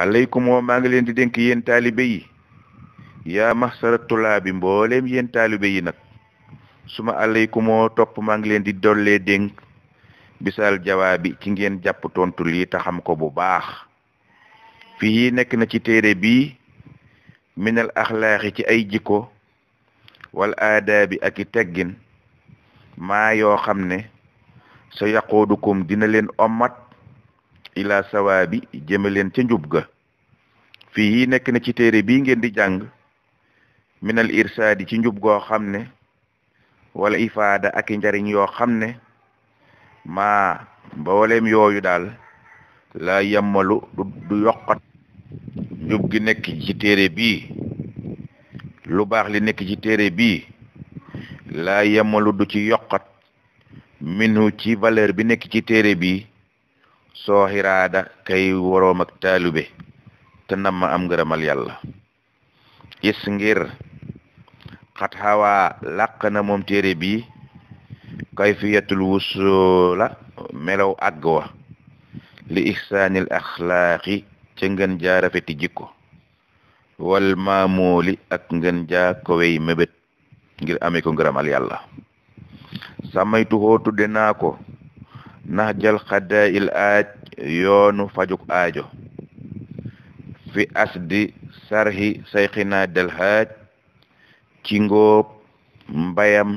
alaykum wa maa ngi leen di dénk yéen taalibe yi yaa maxsara tulaa bi mbooleem yéen taalibe yi nag suma alaykumoo topp maa ngi leen di dollee dénk bisaal jawaabi ci ngeen jàpp tontu lii te xam ko bu baax yi nekk na ci téere bi minal axlaaxi ci ay jikko wal aadaabi ak i teggin maa yoo xam ne sa yaqoodukum dina leen ommat ilaa sawaabi jëme leen ca njub ga fii nekk na ci téere bi ngeen di jàng minal irsaadi ci njub goo xam ne wala ifaada ak i njariñ yoo xam ne maa mboolem yooyu daal la yemmalu du du yokkat njub gi nekk ci téere bi lu baax li nekk ci téere bii la yemmalu du ci yokkat minu ci valeur bi nekk ci téere bii sooxiraada kay woroom ak taalube te nam ma am ngërëmal yàlla is ngir xat xawaa làq na moom téere bi kayfiyatul wusula melaw àgg wa li ihsaanil axlaaqi ca ngën jaa rafeti jikko wal maamooli ak ngën jaa kowey mébét ngir ame ko ngërëmal yàlla sàmmaytu hoo tudde naa ko naxjal xadda il aaj yoonu fajuk aajo fi asdi sarhi sayxina del haaj ci ngóob mbayam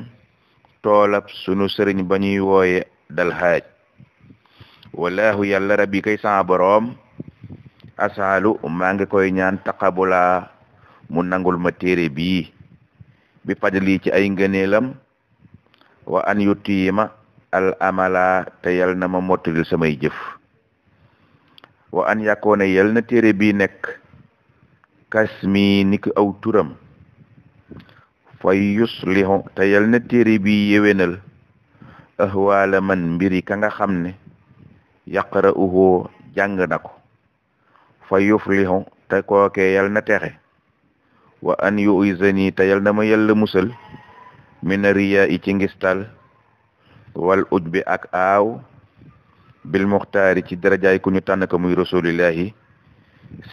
toolab sunu sëriñ ba ñuy wooye dal haaj walaahu yàlla rabbi kay sama boroom asaalu maa ngi koy ñaan taqabula mu nangul ma téere bi bi li ci ay ngëneelam wa an yuttiima al amala te yal na ma mottalil samay jëf wa an yàkkoone yal na téere bi nekk kas mi ni ki aw turam fa yuslihu te yal na téere bi yewenal ahwaala man mbiri ka nga xam ne yaqra'uhu jàng na ko fa yuflihu te kookee yal texe wa an yu'izani te yal ma yàlla musal mina riya i ci wal uj bi ak aaw bil muxtaari ci darajaay ku ñu tànn ko muy rasulillahi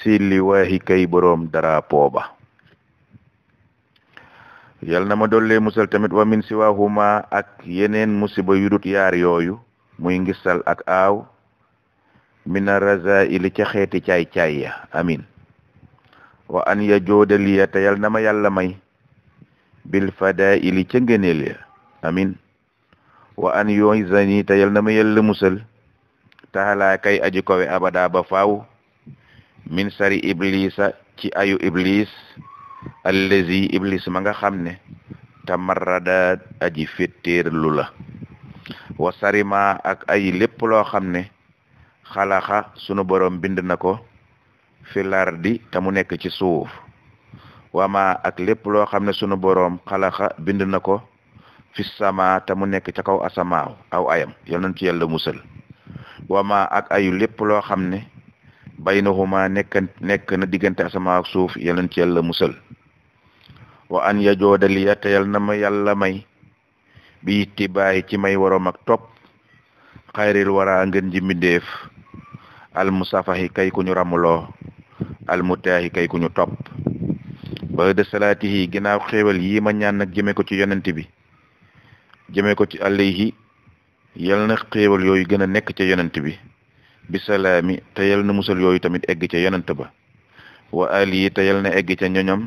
si li waaxi kay boroom dara pooba yal na ma dollee musal tamit wa min si waaxuma ak yeneen musiba yu dut yaar yooyu muy ngisal ak aaw mina raza ili ca xeeti caay-caay amin wa an ya joodaliya te yal na ma yàlla may bil fada ili ca ngëneel ya amin wa an yu'izani te yal na ma yàlla musal taxalaa kay aji abada ba faaw min sari iblisa ci ayu iblis allazi iblis ma nga xam ne tamarrada aji fetteerlu la wa sarima ak ay lépp loo xam ne xalaxa sunu borom bind na ko filardi te mu nekk ci suuf wama ak lépp loo xam ne sunu borom xalaxa bind na ko fi sama mu nekk ca kaw asamaaw aw ayam yal ci yàlla musal wama ak ayu lépp loo xam ne baynahuma nekk nekk na diggante asamaa suuf yal nañ ci yàlla musal wa an ya joodaliya te yal na ma yàlla may bi ittibaay ci may waroom ak topp xayril wara ngeen ji mbindeef yi musafahi kay ku ñu ramuloo al mutaahi kay ku ñu topp ba de salaatihi ginnaaw xéewal yi ma ñaan nag jëme ko ci yonent bi jëmee ko ci alayhi yal na xéewal yooyu gën a nekk ca yonent bi bi salaami te yal na musal yooyu tamit egg ca yonent ba wa ali yi te yal na egg ca ñoñom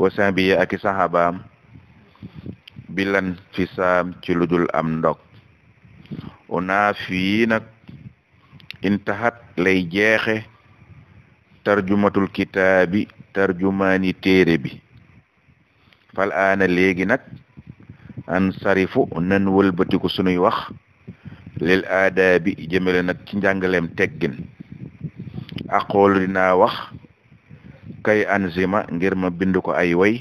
wa saabiya ak i saxaabaam bi lan fi saam ci ludul am ndog unaaf yi nag intahat lay jeexe tarjumatul kitaabi tarjumaani téere bi fal aana léegi nag an sarifu nan wëlbatiku sunuy wax lil aadaabi jëmale nag ci njàngaleem teggin aqoolu dinaa wax kay anzima ngir ma bind ko ay way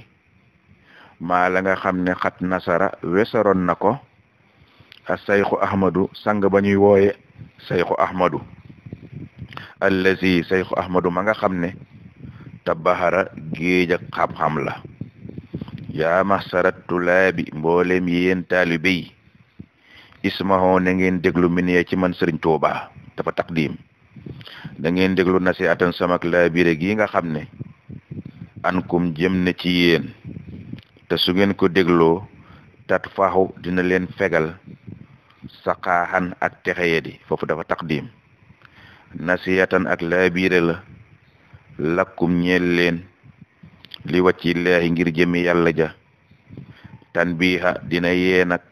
ma la nga xam ne xat nasara wesaroon na ko a sayxu ahmadu sang ba ñuy wooye sayxu ahmadu allazi sayxu ahmadu ma nga xam ne tabahara géej ak xam-xam la yaa mahsarat tulaabi mboolem yéen taalibe yi na ngeen déglu min ci man sëriñ Tuuba dafa taqdim da ngeen déglu nasiatan samak laabire gi nga xam ne ankum jëm na ci yéen te su ngeen ko dégloo tat faxu dina leen fegal saqaaxan ak texeye di foofu dafa taqdim nasiyatan ak laabire la lakkum ñeel leen li wàcci leexi ngir jëmi yàlla ja tanbiha dina yee nag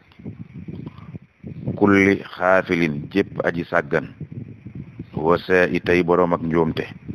kulli xaafilin jépp aji sàggan wasa itay boroom ak njuumte